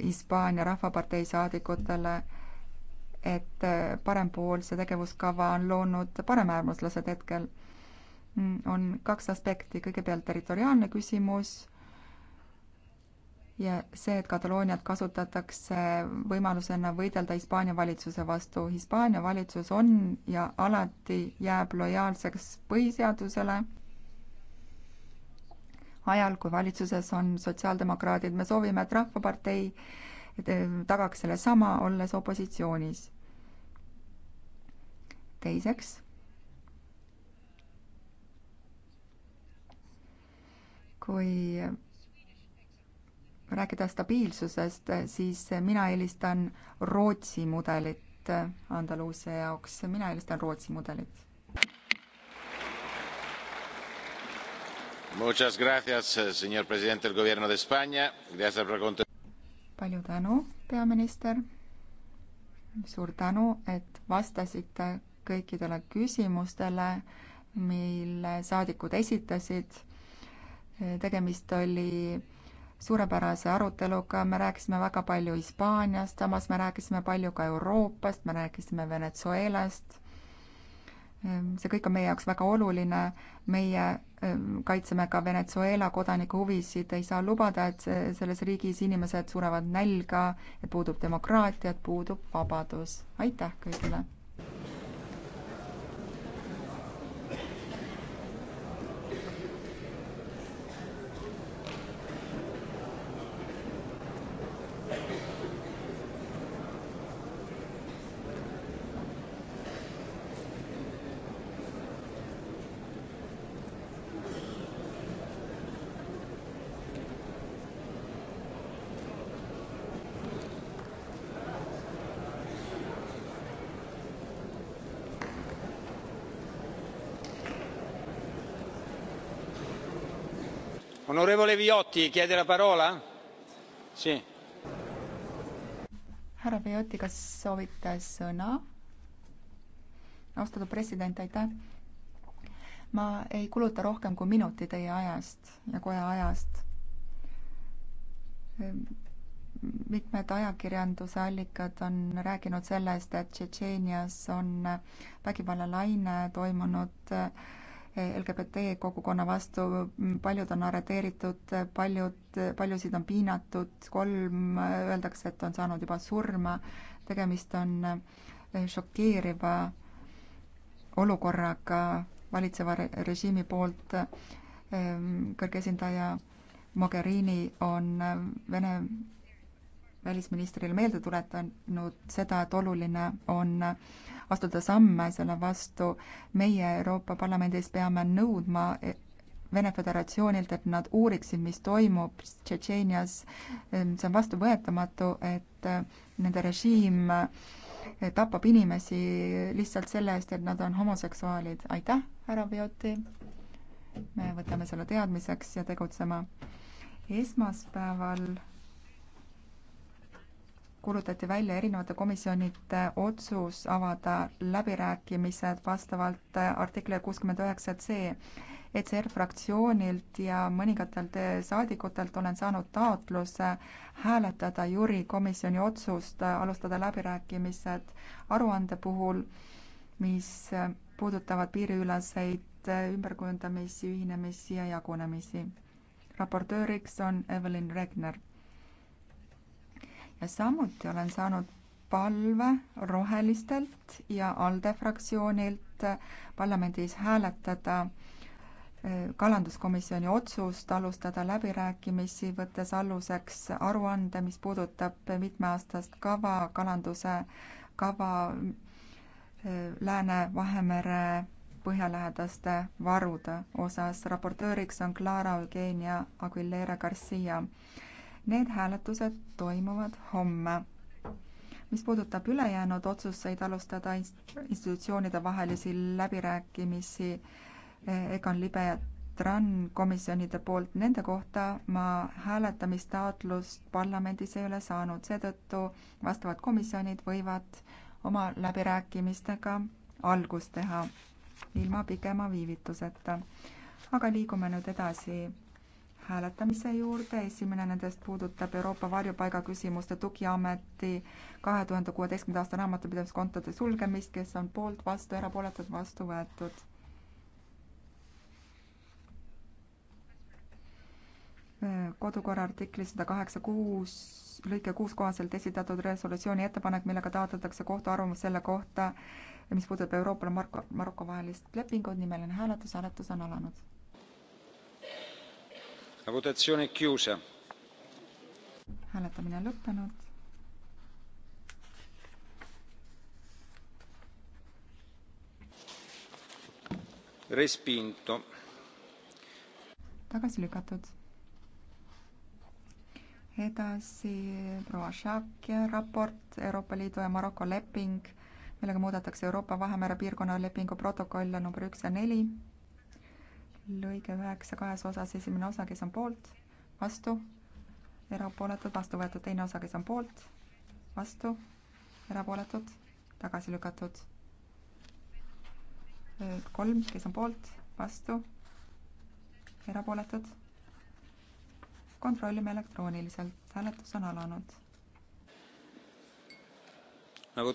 Hispaania Rahvapartei saadikutele, et parempoolse tegevuskava on loonud paremäärmuslased hetkel. Mm, on kaks aspekti, kõigepealt territoriaalne küsimus ja see, et Katalooniat kasutatakse võimalusena võidelda Hispaania valitsuse vastu. Hispaania valitsus on ja alati jääb lojaalseks põhiseadusele ajal, kui valitsuses on sotsiaaldemokraadid, me soovime, et Rahvapartei tagaks sellesama, olles opositsioonis. teiseks, kui rääkida stabiilsusest, siis mina eelistan Rootsi mudelit Andaluusia jaoks, mina eelistan Rootsi mudelit. palju tänu, peaminister. suur tänu, et vastasite kõikidele küsimustele, mille saadikud esitasid. tegemist oli suurepärase aruteluga, me rääkisime väga palju Hispaaniast, samas me rääkisime palju ka Euroopast, me rääkisime Venezuelast. see kõik on meie jaoks väga oluline, meie eh, kaitseme ka Venezuela kodanike huvisid, ei saa lubada, et see, selles riigis inimesed surevad nälga, et puudub demokraatia, et puudub vabadus. aitäh kõigile! härra Viotti, kas soovite sõna? austatud president, aitäh. ma ei kuluta rohkem kui minuti teie ajast ja koja ajast. mitmed ajakirjanduse allikad on rääkinud sellest, et Tšetšeenias on vägivallalaine toimunud äh, LGBT kogukonna vastu, paljud on arreteeritud, paljud, paljusid on piinatud, kolm öeldakse, et on saanud juba surma, tegemist on eh, šokeeriva olukorraga valitseva režiimi poolt. Eh, kõrge esindaja Mogherini on eh, Vene välisministrile meelde tuletanud seda, et oluline on astuda samme selle vastu. meie Euroopa Parlamendis peame nõudma Vene Föderatsioonilt, et nad uuriksid, mis toimub Tšetšeenias. see on vastuvõetamatu, et nende režiim tapab inimesi lihtsalt selle eest, et nad on homoseksuaalid. aitäh, härra Vioti. me võtame selle teadmiseks ja tegutsema. esmaspäeval kuulutati välja erinevate komisjonide otsus avada läbirääkimised vastavalt artiklile kuuskümmend üheksa C. ECR fraktsioonilt ja mõningatelt saadikutelt olen saanud taotluse hääletada juri komisjoni otsust alustada läbirääkimised aruande puhul, mis puudutavad piiriüleseid ümberkujundamisi, ühinemisi ja jagunemisi. raportööriks on Evelyn Regner samuti olen saanud palve Rohelistelt ja ALDE fraktsioonilt parlamendis hääletada äh, kalanduskomisjoni otsust alustada läbirääkimisi, võttes aluseks aruande, mis puudutab mitmeaastast kava, kalanduse kava äh, Lääne-Vahemere põhjalähedaste varude osas. raportööriks on Clara Eugenia Aguilera Garcia Need hääletused toimuvad homme. mis puudutab ülejäänud otsuseid alustada institutsioonide vahelisi läbirääkimisi eh, Egon Libe ja TRAN komisjonide poolt, nende kohta ma hääletamistaotlust parlamendis ei ole saanud, seetõttu vastavad komisjonid võivad oma läbirääkimistega algust teha ilma pikema viivituseta. aga liigume nüüd edasi hääletamise juurde, esimene nendest puudutab Euroopa varjupaigaküsimuste tugiameti kahe tuhande kuueteistkümnenda aasta raamatupidamise sulgemist, kes on poolt, vastu, erapooletud, vastu võetud. kodukorra artikli sada kaheksa kuus lõike kuus kohaselt esitatud resolutsiooni ettepanek, millega taotletakse kohtu arvamus selle kohta, mis puudutab Euroopa ja Maroko, Maroko vahelist lepingut, nimeline hääletus, hääletus on alanud hääletamine on lõppenud. Respinto. tagasi lükatud edasi proua Šakja raport Euroopa Liidu ja Maroko leping, millega muudetakse Euroopa Vahemere piirkonna lepingu protokolle number üks ja neli lõige üheksa kahes osas, esimene osa, kes on poolt, vastu, erapooletud, vastu võetud, teine osa, kes on poolt, vastu, erapooletud, tagasi lükatud. kolm, kes on poolt, vastu, erapooletud. kontrollime elektrooniliselt, hääletus on alanud. Nagu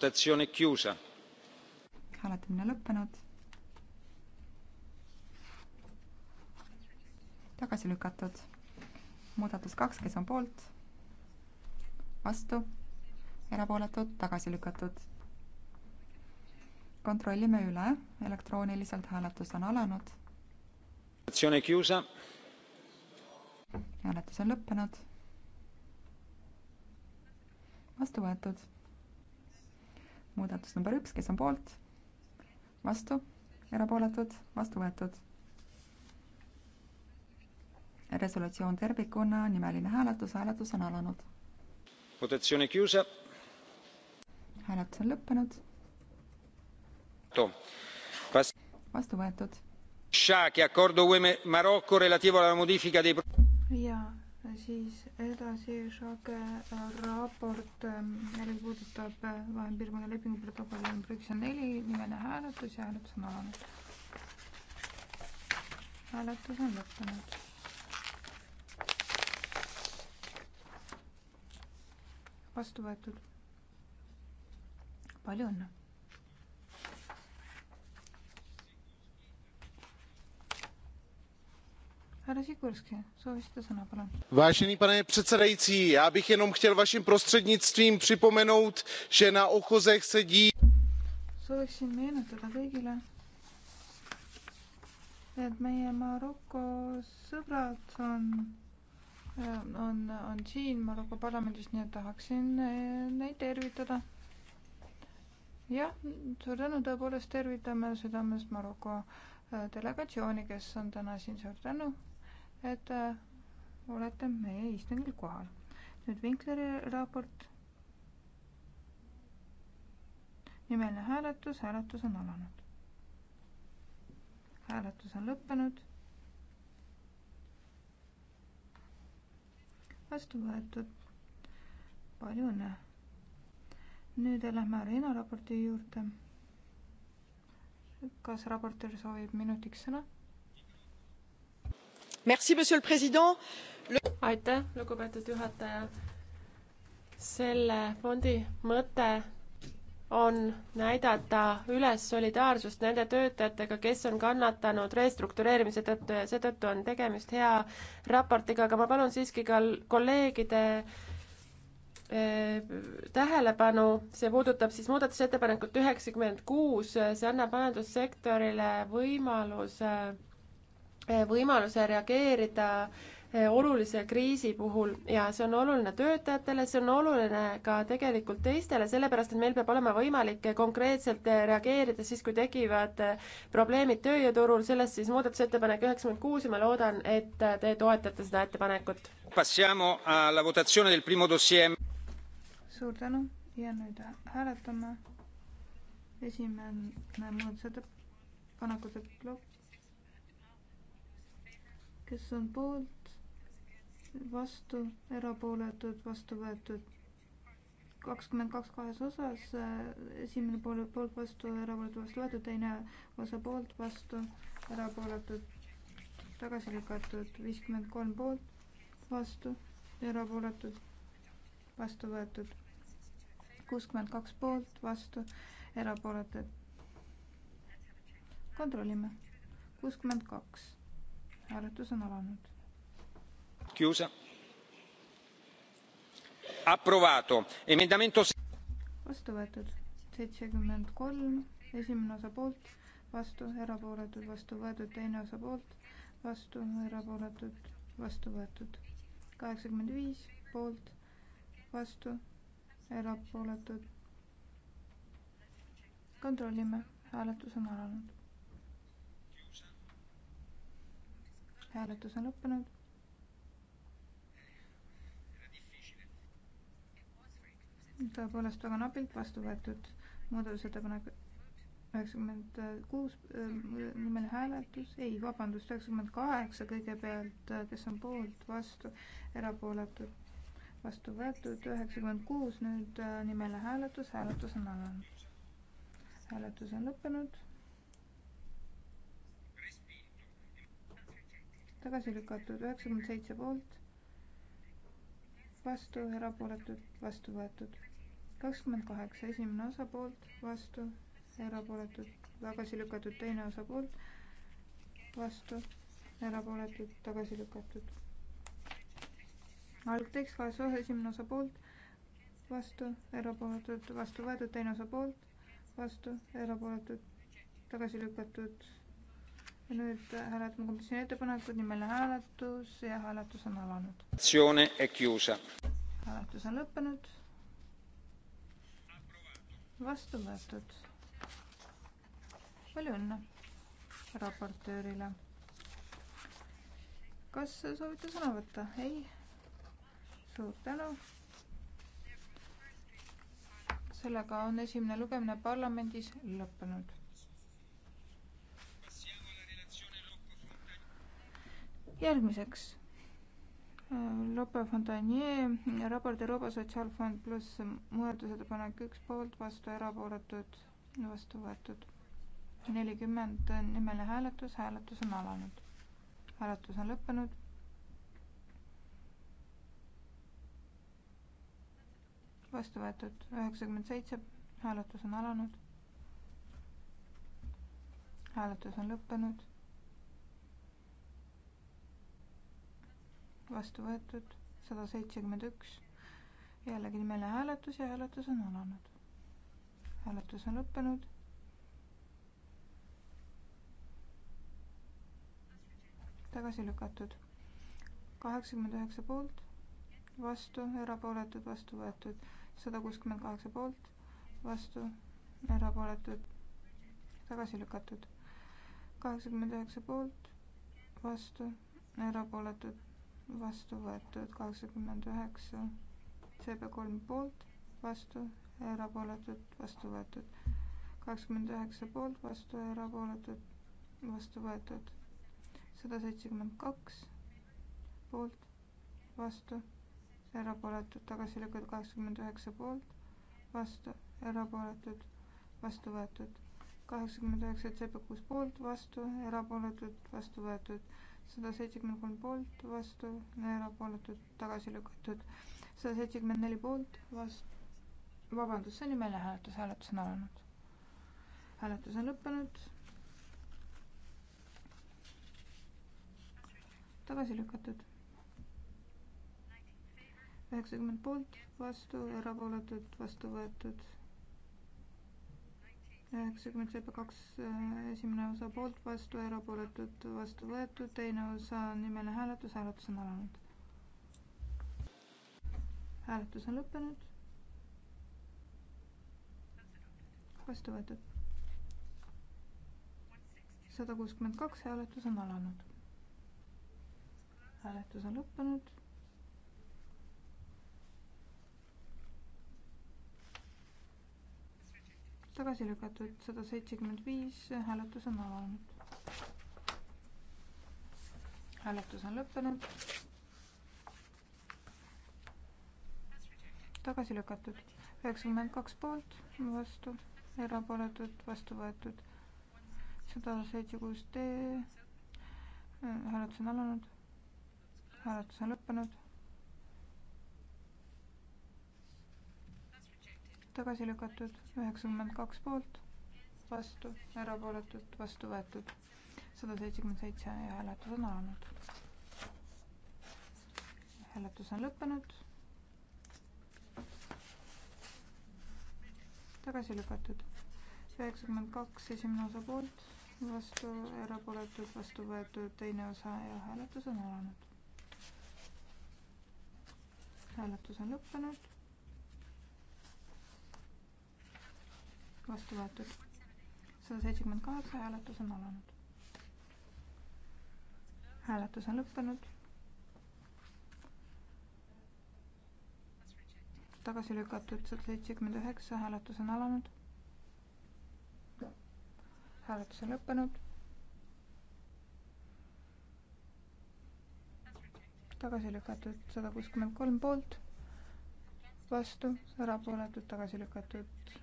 hääletamine lõppenud tagasi lükatud. muudatus kaks, kes on poolt, vastu, erapooletud, tagasi lükatud. kontrollime üle, elektrooniliselt hääletus on alanud. hääletus on lõppenud. vastu võetud. muudatus number üks, kes on poolt, vastu, erapooletud, vastu võetud resolutsioon tervikuna, nimeline hääletus, hääletus on alanud. hääletus on lõppenud. vastu võetud. ja siis edasi Šake raport, mis ähm, puudutab äh, vahepiirkonna lepingu protokolli number üks ja neli, nimeline hääletus ja hääletus on alanud. hääletus on lõppenud vastu võetud. palju õnne. Pane Sikorsky, souvisíte se na plan. Vážený pane předsedající, já bych jenom chtěl vaším prostřednictvím připomenout, že na ochozech sedí... Sooviksin meenutada kõigile, et meie Maroko sõbrad on on, on siin Maroko parlamendis, nii et tahaksin eh, neid tervitada. jah, suur tänu, tõepoolest tervitame südames Maroko eh, delegatsiooni, kes on täna siin, suur tänu, et eh, olete meie istungil kohal. nüüd Vinkleri raport. nimeline hääletus, hääletus on alanud. hääletus on lõppenud vastu võetud. palju õnne. nüüd lähme Arena raporti juurde. kas raportöör soovib minutiks sõna? aitäh, lugupeetud juhataja. selle fondi mõte on näidata üles solidaarsust nende töötajatega, kes on kannatanud restruktureerimise tõttu ja seetõttu on tegemist hea raportiga, aga ma palun siiski ka kolleegide eh, tähelepanu, see puudutab siis muudatusettepanekut üheksakümmend kuus, see annab majandussektorile võimaluse, eh, võimaluse reageerida äh, Eh, olulise kriisi puhul ja see on oluline töötajatele, see on oluline ka tegelikult teistele, sellepärast et meil peab olema võimalik konkreetselt eh, reageerida siis, kui tekivad eh, probleemid tööjõuturul, sellest siis muudatusettepanek üheksakümmend kuus ja ma loodan, et te toetate seda ettepanekut. suur tänu ja nüüd hääletame esimene muudatusettepanekute plokk, kes on poolt vastu, erapooletud, vastu võetud. kakskümmend kaks kahes osas, esimene pool poolt vastu, erapooletu vastu võetud, teine osa poolt vastu, erapooletud, tagasi lükatud, viiskümmend kolm poolt, vastu, erapooletud, vastu võetud. kuuskümmend kaks poolt, vastu, erapooletud. kontrollime. kuuskümmend kaks. hääletus on alanud chiusa approvato emendamento vastu võetud seitsekümmend kolm esimene osa poolt vastu erapooletud vastu võetud teine osa poolt vastu erapooletud vastu võetud kaheksakümmend viis poolt vastu erapooletud kontrollime hääletus on alanud hääletus on lõppenud tõepoolest väga napilt vastu võetud muudatusettepanek üheksakümmend kuus äh, nimel hääletus, ei, vabandust, üheksakümmend kaheksa kõigepealt, äh, kes on poolt, vastu, erapooletud, vastu võetud, üheksakümmend kuus nüüd äh, nimele hääletus, hääletus on alanud. hääletus on lõppenud. tagasi lükatud üheksakümmend seitse poolt, vastu, erapooletud, vastu võetud kakskümmend kaheksa, esimene osa poolt, vastu, erapooletud, tagasi lükatud, teine osa poolt, vastu, erapooletud, tagasi lükatud. algtekst kahes osas, esimene osa poolt, vastu, erapooletud, vastu võetud, teine osa poolt, vastu, erapooletud, tagasi lükatud. ja nüüd äh, hääletame komisjoni ettepanekut, nimeline hääletus ja hääletus on alanud. hääletus on lõppenud vastu võetud. palju õnne raportöörile. kas soovite sõna võtta? ei? suur tänu. sellega on esimene lugemine parlamendis lõppenud. järgmiseks Lope Fontanier, raport Euroopa Sotsiaalfond pluss muudatusettepanek üks poolt, vastu erapooletud, vastu võetud. nelikümmend nimeline hääletus, hääletus on alanud. hääletus on lõppenud. vastu võetud üheksakümmend seitse, hääletus on alanud. hääletus on lõppenud vastu võetud sada seitsekümmend üks. jällegi nimeline hääletus ja hääletus on alanud. hääletus on lõppenud. tagasi lükatud. kaheksakümmend üheksa poolt, vastu, erapooletud, vastu võetud. sada kuuskümmend kaheksa poolt, vastu, erapooletud, tagasi lükatud. kaheksakümmend üheksa poolt, vastu, erapooletud vastu võetud kaheksakümmend üheksa, CB kolm poolt, vastu, erapooletud, vastu võetud. kaheksakümmend üheksa poolt, vastu, erapooletud, vastu võetud. sada seitsekümmend kaks poolt, vastu, erapooletud, tagasi lükatud kaheksakümmend üheksa poolt, vastu, erapooletud, vastu võetud. kaheksakümmend üheksa CB kuus poolt, vastu, erapooletud, vastu võetud sada seitsekümmend kolm poolt, vastu, erapooletud, tagasi lükatud. sada seitsekümmend neli poolt, vastu, vabandust, see on nimeline hääletus, hääletus on alanud. hääletus on lõppenud. tagasi lükatud. üheksakümmend poolt, vastu, erapooletud, vastu võetud üheksakümmend seitse kaks äh, esimene osa poolt, vastu, erapooletud, vastu võetud, teine osa nimeline hääletus, hääletus on alanud. hääletus on lõppenud. vastu võetud. sada kuuskümmend kaks, hääletus on alanud. hääletus on lõppenud tagasi lükatud, sada seitsekümmend viis, hääletus on alanud. hääletus on lõppenud. tagasi lükatud, üheksakümmend kaks poolt, vastu, erapooletud, vastu võetud, sada seitse kuus D, hääletus on alanud, hääletus on lõppenud tagasi lükatud, üheksakümmend kaks poolt, vastu, erapooletud, vastu võetud, sada seitsekümmend seitse ja hääletus on alanud. hääletus on lõppenud. tagasi lükatud, üheksakümmend kaks, esimene osa poolt, vastu, erapooletud, vastu võetud, teine osa ja hääletus on alanud. hääletus on lõppenud vastu võetud. sada seitsekümmend kaheksa, hääletus on alanud. hääletus on lõppenud. tagasi lükatud sada seitsekümmend üheksa, hääletus on alanud. hääletus on lõppenud. tagasi lükatud sada kuuskümmend kolm poolt, vastu, erapooletud, tagasi lükatud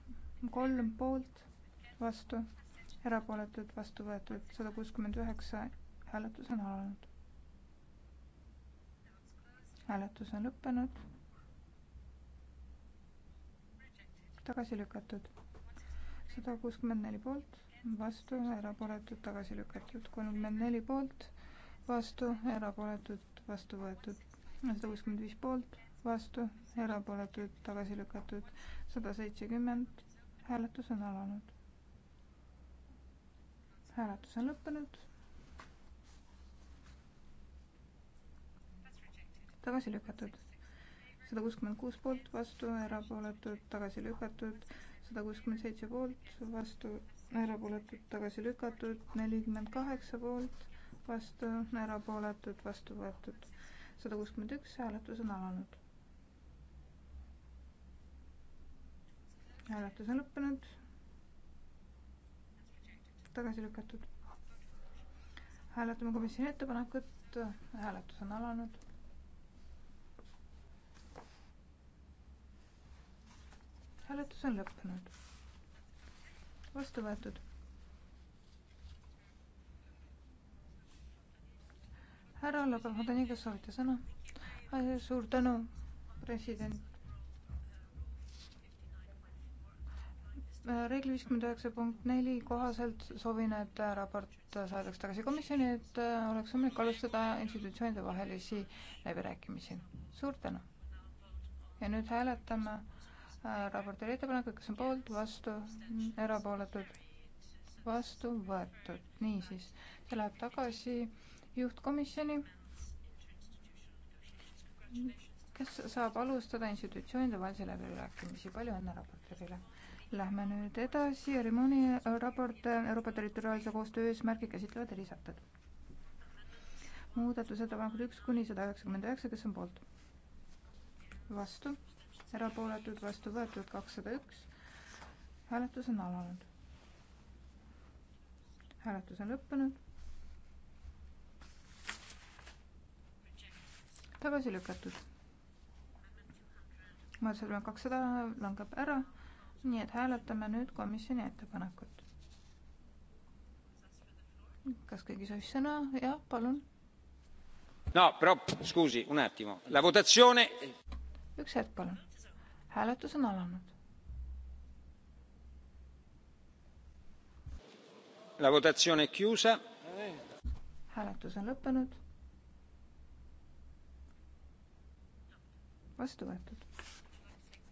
kolm poolt, vastu, erapooletud, vastu võetud sada kuuskümmend üheksa, hääletus on alanud. hääletus on lõppenud. tagasi lükatud sada kuuskümmend neli poolt, vastu, erapooletud, tagasi lükatud, kolmkümmend neli poolt, vastu, erapooletud, vastu võetud, sada kuuskümmend viis poolt, vastu, erapooletud, tagasi lükatud, sada seitsekümmend hääletus on alanud. hääletus on lõppenud. tagasi lükatud. sada kuuskümmend kuus poolt, vastu, erapooletud, tagasi lükatud. sada kuuskümmend seitse poolt, vastu, erapooletud, tagasi lükatud. nelikümmend kaheksa poolt, vastu, erapooletud, vastu võetud. sada kuuskümmend üks, hääletus on alanud. hääletus on lõppenud. tagasi lükatud. hääletame komisjoni ettepanekut, hääletus on alanud. hääletus on lõppenud. vastu võetud. härra Labafontani, kas soovite sõna? suur tänu, president reegli viiskümmend üheksa punkt neli kohaselt soovin, et raport saadaks tagasi komisjoni, et äh, oleks võimalik alustada institutsioonide vahelisi läbirääkimisi. suur tänu! ja nüüd hääletame äh, raportööri ettepanekut, kas on poolt, vastu, erapooletud, vastu võetud. niisiis, see läheb tagasi juhtkomisjoni, kes saab alustada institutsioonide vahelisi läbirääkimisi. palju õnne raportöörile! Lähme nüüd edasi, Rimoni raport Euroopa territoriaalse koostöö eesmärgi käsitlevad erisätted. muudatusettepanekud üks kuni sada üheksakümmend üheksa, kes on poolt? vastu, erapooletud, vastu võetud kakssada üks. hääletus on alanud. hääletus on lõppenud. tagasi lükatud. muudatusettepanek kakssada langeb ära nii et hääletame nüüd komisjoni ettepanekut. kas keegi soovis sõna? jah, palun. no però scusi un attimo, la votazione. üks hetk, palun. hääletus on alanud. La votazione è chiusa. hääletus on lõppenud. vastu võetud.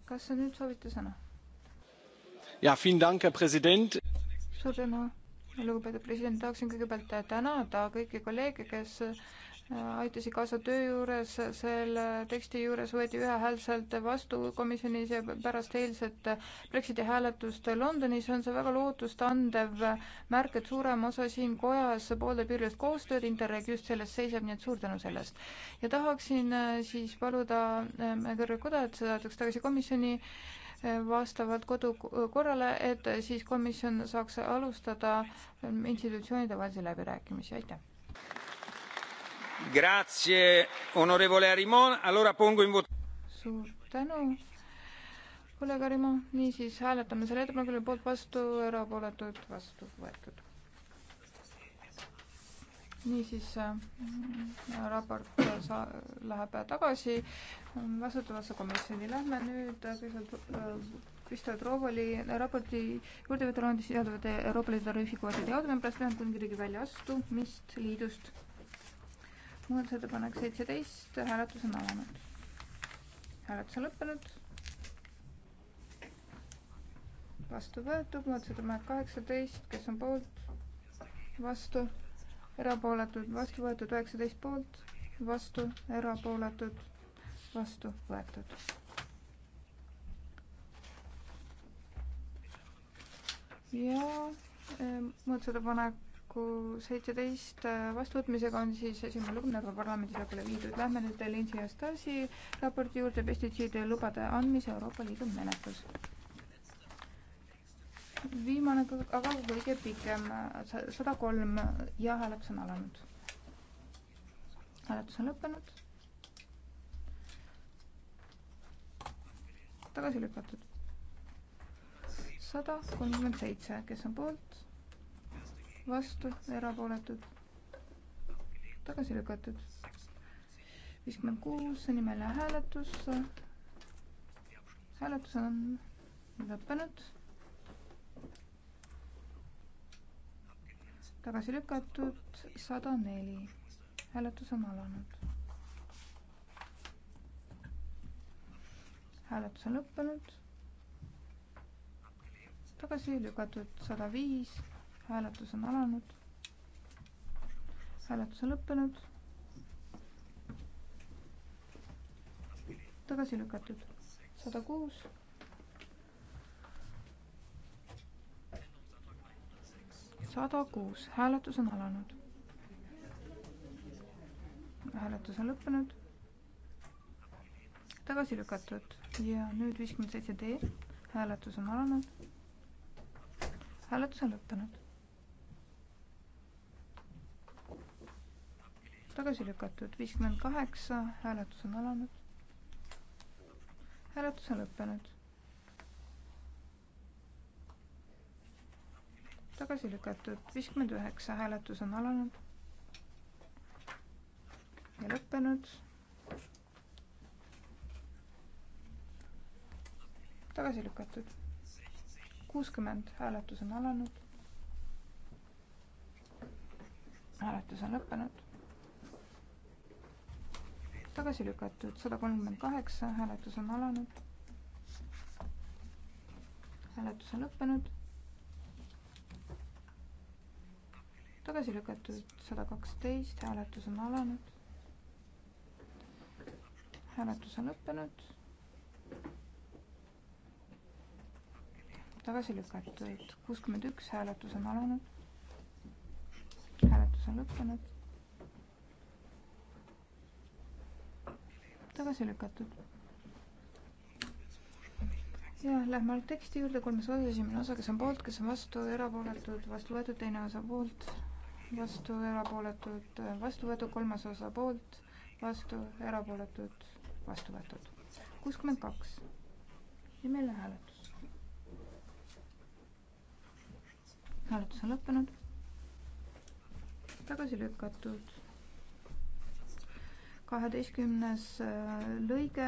kas sa nüüd soovite sõna? herr präsident! suur tänu lugupeetud president tahaksin kõigepealt tänada kõiki kolleege kes aitasid kaasa töö juures, selle teksti juures võeti ühehäälselt vastu komisjonis ja pärast eilset Brexiti hääletust Londonis on see väga lootustandev märk, et suurem osa siin kojas pooldab üürist koostööd, Interreg just selles seisab, nii et suur tänu sellest. ja tahaksin äh, siis paluda kõrge äh, koda, et see saadaks tagasi komisjoni äh, vastavalt kodukorrale, et siis komisjon saaks alustada institutsioonide vahelisi läbirääkimisi, aitäh! suur tänu, kolleeg Harimo, niisiis hääletame selle ettepaneku üle poolt vastu, erapooletud vastu võetud. niisiis äh, raport sa-, läheb tagasi vastutavasse komisjoni, lähme nüüd kõigepealt äh, Kristo äh, Troovali raporti juurde veterani sisaldavate Euroopa Liidu tariifikvootide jaotamine pärast Ühendkuningriigi väljaastumist liidust muudatusettepanek seitseteist, hääletus on alanud. hääletus on lõppenud. vastu võetud, muudatusettepanek kaheksateist, kes on poolt, vastu, erapooletud, vastu võetud, üheksateist poolt, vastu, erapooletud, vastu võetud. ja eh, muudatusettepanek ettepaneku seitseteist äh, vastuvõtmisega on siis esimene lugemine ka nagu parlamendis lõpule viidud. Lähme nüüd Linsi Astasi raporti juurde pestitsiidide lubade andmise Euroopa Liidu menetlus. viimane, aga kõige pikem, sada kolm ja hääletus on alanud. hääletus on lõppenud. tagasi lükatud. sada kolmkümmend seitse, kes on poolt vastu, erapooletud, tagasi lükatud. viiskümmend kuus, nimeline hääletus. hääletus on lõppenud. tagasi lükatud sada neli, hääletus on alanud. hääletus on lõppenud. tagasi lükatud sada viis hääletus on alanud. hääletus on lõppenud. tagasi lükatud sada kuus. sada kuus, hääletus on alanud. hääletus on lõppenud. tagasi lükatud ja nüüd viiskümmend seitse D, hääletus on alanud. hääletus on lõppenud tagasi lükatud, viiskümmend kaheksa, hääletus on alanud. hääletus on lõppenud. tagasi lükatud, viiskümmend üheksa, hääletus on alanud. ja lõppenud. tagasi lükatud, kuuskümmend, hääletus on alanud. hääletus on lõppenud tagasi lükatud, sada kolmkümmend kaheksa, hääletus on alanud. hääletus on lõppenud. tagasi lükatud, sada kaksteist, hääletus on alanud. hääletus on lõppenud. tagasi lükatud, kuuskümmend üks, hääletus on alanud. hääletus on lõppenud tagasi lükatud. ja lähme nüüd teksti juurde, kolmes osas, esimene osa, kes on poolt, kes on vastu, erapooletud, vastu võetud, teine osa poolt, vastu, erapooletud, vastu võetud, kolmas osa poolt, vastu, erapooletud, vastu võetud. kuuskümmend kaks. nimeline hääletus. hääletus on lõppenud. tagasi lükatud kaheteistkümnes äh, lõige,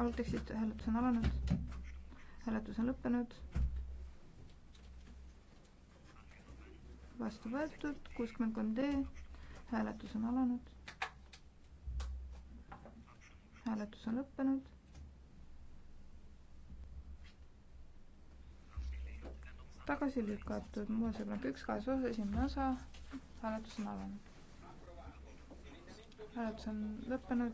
algtekstid, hääletus on alanud, hääletus on lõppenud. vastu võetud, kuuskümmend kolm D, hääletus on alanud. hääletus on lõppenud. tagasi lükatud muudatusettepanek üks, kahes osas, esimene osa, hääletus on alanud hääletus on lõppenud.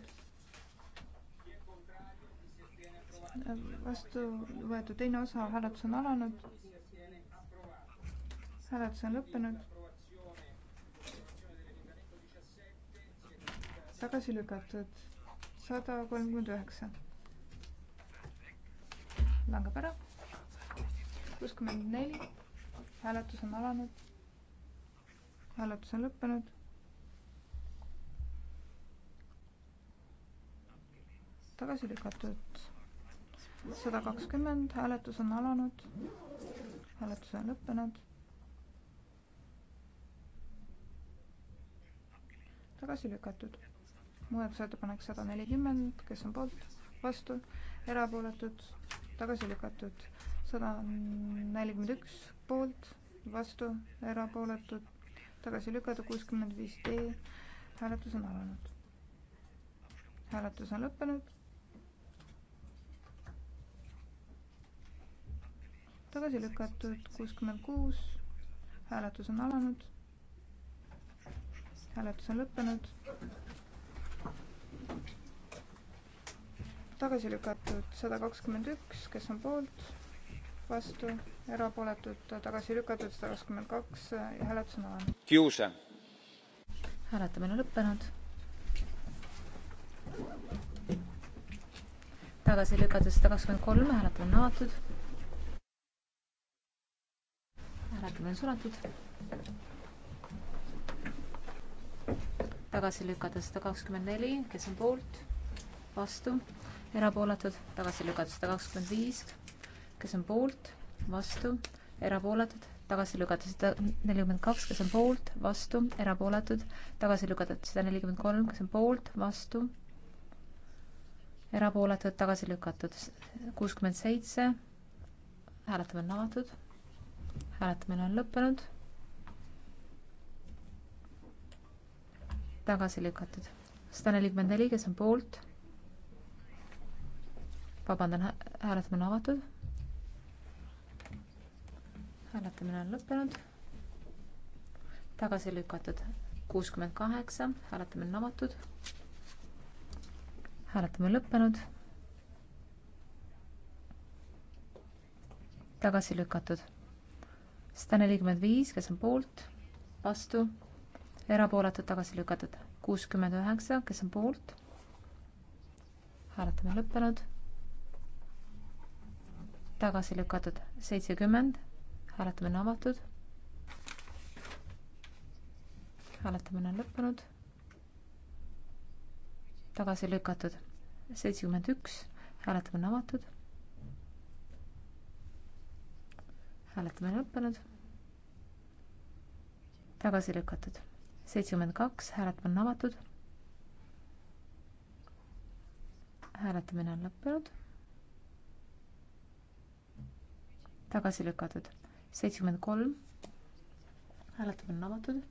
vastu võetud teine osa, hääletus on alanud. hääletus on lõppenud. tagasi lükatud sada kolmkümmend üheksa. langeb ära. kuuskümmend neli, hääletus on alanud. hääletus on lõppenud. tagasi lükatud. sada kakskümmend, hääletus on alanud. hääletus on lõppenud. tagasi lükatud. muudatusettepanek sada nelikümmend, kes on poolt, vastu, erapooletud, tagasi lükatud. sada nelikümmend üks poolt, vastu, erapooletud, tagasi lükatud, kuuskümmend viis D. hääletus on alanud. hääletus on lõppenud tagasi lükatud kuuskümmend kuus, hääletus on alanud. hääletus on lõppenud. tagasi lükatud sada kakskümmend üks, kes on poolt, vastu, erapooletud, tagasi lükatud sada kakskümmend kaks ja hääletus on alanud. Kiuse. hääletamine lõppenud tagasi lükatud sada kakskümmend kolm, hääletamine on avatud hääletamine on suletud. tagasi lükata sada kakskümmend neli, kes on poolt, vastu, erapooletud, tagasi lükata sada kakskümmend viis, kes on poolt, vastu, erapooletud, tagasi lükata sada nelikümmend kaks, kes on poolt, vastu, erapooletud, tagasi lükata sada nelikümmend kolm, kes on poolt, vastu, erapooletud, tagasi lükatud kuuskümmend seitse, hääletamine on avatud hääletamine on lõppenud. tagasi lükatud. sada nelikümmend neli, kes on poolt? vabandan, hääletamine on avatud. hääletamine on lõppenud. tagasi lükatud. kuuskümmend kaheksa, hääletamine on avatud. hääletamine lõppenud tagasi lükatud sada nelikümmend viis, kes on poolt, vastu, erapooletud, tagasi lükatud. kuuskümmend üheksa, kes on poolt, hääletamine lõppenud, tagasi lükatud. seitsekümmend, hääletamine avatud, hääletamine on lõppenud, tagasi lükatud. seitsekümmend üks, hääletamine avatud hääletamine lõppenud. tagasi lükatud. seitsekümmend kaks, hääletamine on avatud. hääletamine on lõppenud. tagasi lükatud. seitsekümmend kolm, hääletamine on avatud.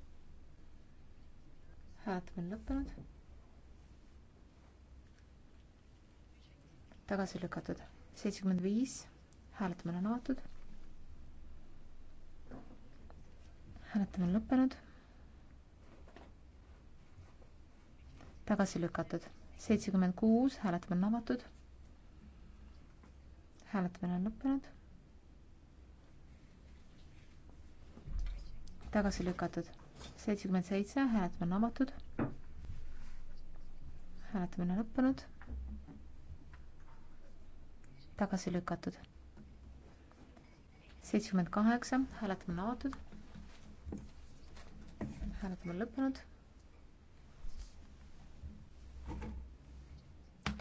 hääletamine on lõppenud. tagasi lükatud. seitsekümmend viis, hääletamine on avatud hääletamine on lõppenud. tagasi lükatud, seitsekümmend kuus, hääletamine on avatud. hääletamine on lõppenud. tagasi lükatud, seitsekümmend seitse, hääletamine on avatud. hääletamine on lõppenud. tagasi lükatud, seitsekümmend kaheksa, hääletamine on avatud hääletamine on lõppenud.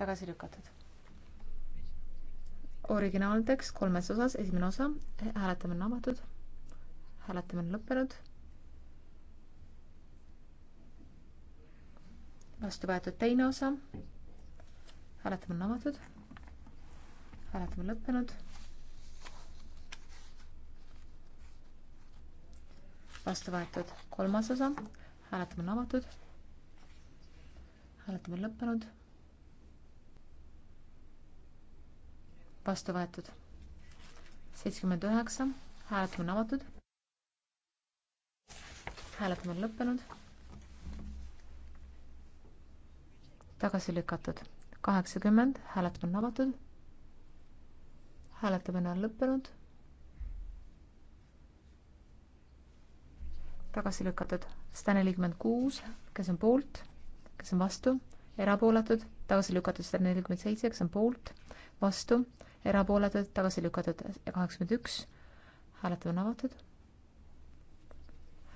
tagasi lükatud. originaaltekst kolmes osas, esimene osa, hääletamine on avatud, hääletamine on lõppenud. vastu võetud teine osa, hääletamine on avatud, hääletamine lõppenud vastu võetud. kolmas osa, hääletamine on avatud. hääletamine lõppenud. vastu võetud. seitsekümmend üheksa, hääletamine on avatud. hääletamine on lõppenud. tagasi lükatud. kaheksakümmend, hääletamine on avatud. hääletamine on lõppenud tagasi lükatud. sada nelikümmend kuus, kes on poolt, kes on vastu, erapooletud, tagasi lükatud. sada nelikümmend seitse, kes on poolt, vastu, erapooletud, tagasi lükatud. kaheksakümmend üks, hääletamine on avatud.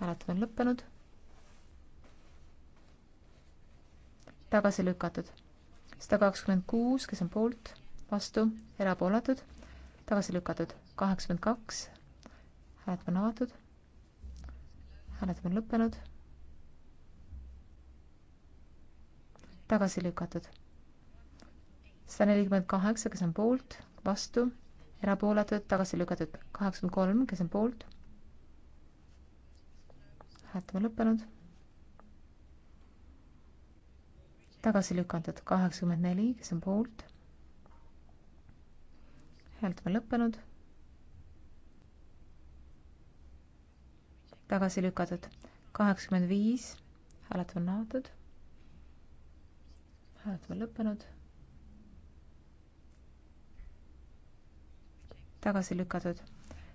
hääletamine on lõppenud. tagasi lükatud. sada kakskümmend kuus, kes on poolt, vastu, erapooletud, tagasi lükatud. kaheksakümmend kaks, hääletamine on avatud hääletamine on lõppenud. tagasi lükatud. sada nelikümmend kaheksa, kes on poolt, vastu, erapooletud, tagasi lükatud. kaheksakümmend kolm, kes on poolt. hääletamine lõppenud. tagasi lükatud. kaheksakümmend neli, kes on poolt. hääletamine lõppenud tagasi lükatud. kaheksakümmend viis, hääletamine on avatud. hääletamine on lõppenud. tagasi lükatud.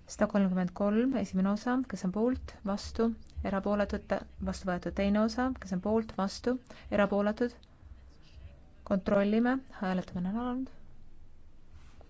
sada kolmkümmend kolm, esimene osa, kes on poolt, vastu, erapooletud, vastu võetud teine osa, kes on poolt, vastu, erapooletud. kontrollime, hääletamine on alanud